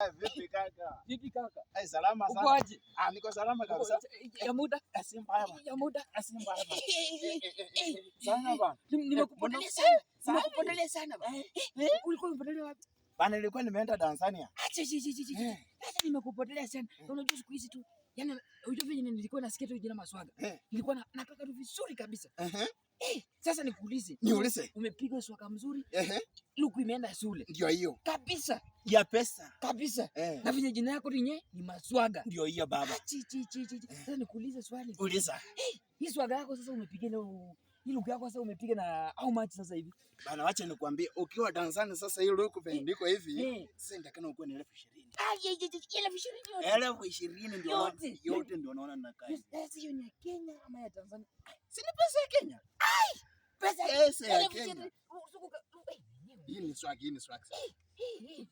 Eh, vipi kaka? Vipi kaka? Hai eh, salama sana. Ukoaje? Ah, niko salama kabisa. Eh, ya muda. Si mbaya bana. Ya muda. Si mbaya bana. Sana bana. Nimekupondelea sana. Nimekupondelea sana bana. Ulikuwa unapondelea wapi? Bana nilikuwa nimeenda Tanzania. Acha chi chi chi. Sasa nimekupondelea sana. Unajua siku hizi tu. Yaani unajua vile nilikuwa nasikia tu jina maswaga. Nilikuwa nataka tu vizuri kabisa. Eh, sasa nikuulize. Niulize. Umepiga swaka mzuri? Luku imeenda shule. Ndio hiyo. Kabisa ya pesa kabisa eh. Na vile jina yako linye ni maswaga, ndio hiyo baba. Ah, sasa nikuulize swali. Uliza. Eh, hii hey, swaga yako sasa umepiga leo hii lugha yako sasa umepiga na au machi sasa hivi bana, wacha nikwambie, ukiwa Tanzania sasa hii lugha eh, kuandikwa hivi eh. sasa inatakana ukuwe ni elfu ishirini ah, elfu ishirini ndio yote ndio unaona na kai. Sasa hiyo ni ya Kenya ama ya Tanzania? Ah, si ni pesa ya Kenya. Ai, pesa ya Kenya. Hii ni swagi, hii ni swagi.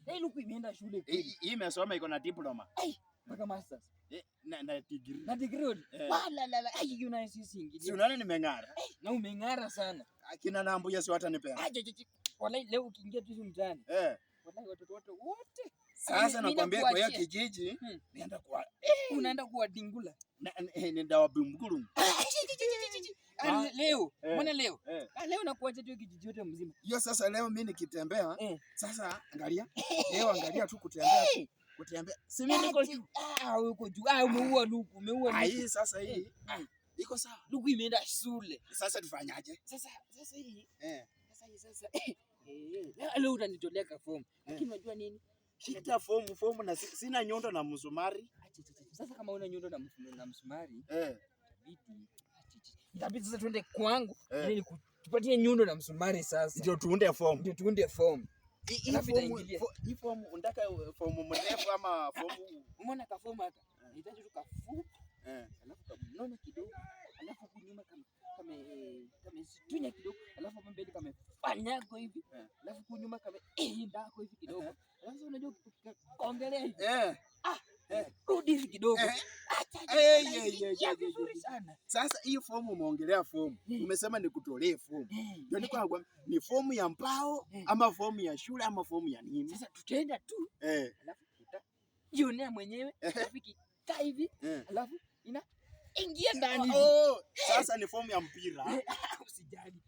Hey, Luku imeenda shule. Hii imesoma iko na diploma. Hey, mpaka masters. Eh, na na degree. Na degree. Wala eh. ah, la la. Ai, una sisi ingi. Si unaona nimeng'ara. Na umeng'ara sana. Akina nambu ya hata nipenda. Aje, leo ukiingia tu mtaani. Eh. Wallahi watoto wote wote. Sasa nakwambia kwa hiyo kijiji hmm. nienda kwa eh. unaenda kwa dingula. Nenda wa bimguru. Ah. Leo, mbona leo? leo nakuacha tu kijiji yote mzima. Hiyo sasa leo mimi nikitembea eh. Sasa angalia leo angalia tu kutembea kutembea. Si mimi niko ah, uko juu ah, umeua luku umeua luku. Hii sasa hii Eh. Ah, iko sawa. Luku imeenda shule. Sasa tufanyaje? Sasa sasa hii eh. Sasa hii sasa eh. eh leo utanitolea ka fomu. Eh. Lakini unajua nini? Shika fomu fomu na sina nyundo na msumari. Sasa kama una nyundo na msumari eh. Itabidi ah, sasa tuende kwangu eh. ili tupatie nyundo na msumari sasa, ndio tuunde form, ndio tuunde form hii form. Unataka form ama form? Umeona ka form alafu kidogo, alafu kama kama kama kidogo, alafu mbele kama hivi, eh. alafu kama eh ndako hivi kidogo, eh. unajua hivi eh, ah eh. hivi kidogo Eh, sasa hii fomu umeongelea fomu, eh. umesema nikutolee fomu, eh, ndio niko nakwambia ni fomu ya mbao ama fomu ya shule ama fomu ya nini? Sasa tutaenda tu eh, alafu tutajionea mwenyewe rafiki kaa hivi, alafu ina ingia ndani. Oh, oh. sasa ni fomu ya mpira. Usijali,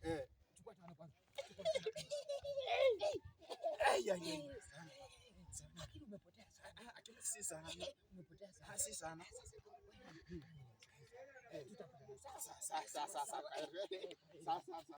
chukua tano kwanza. Ai ai si sana, si sana.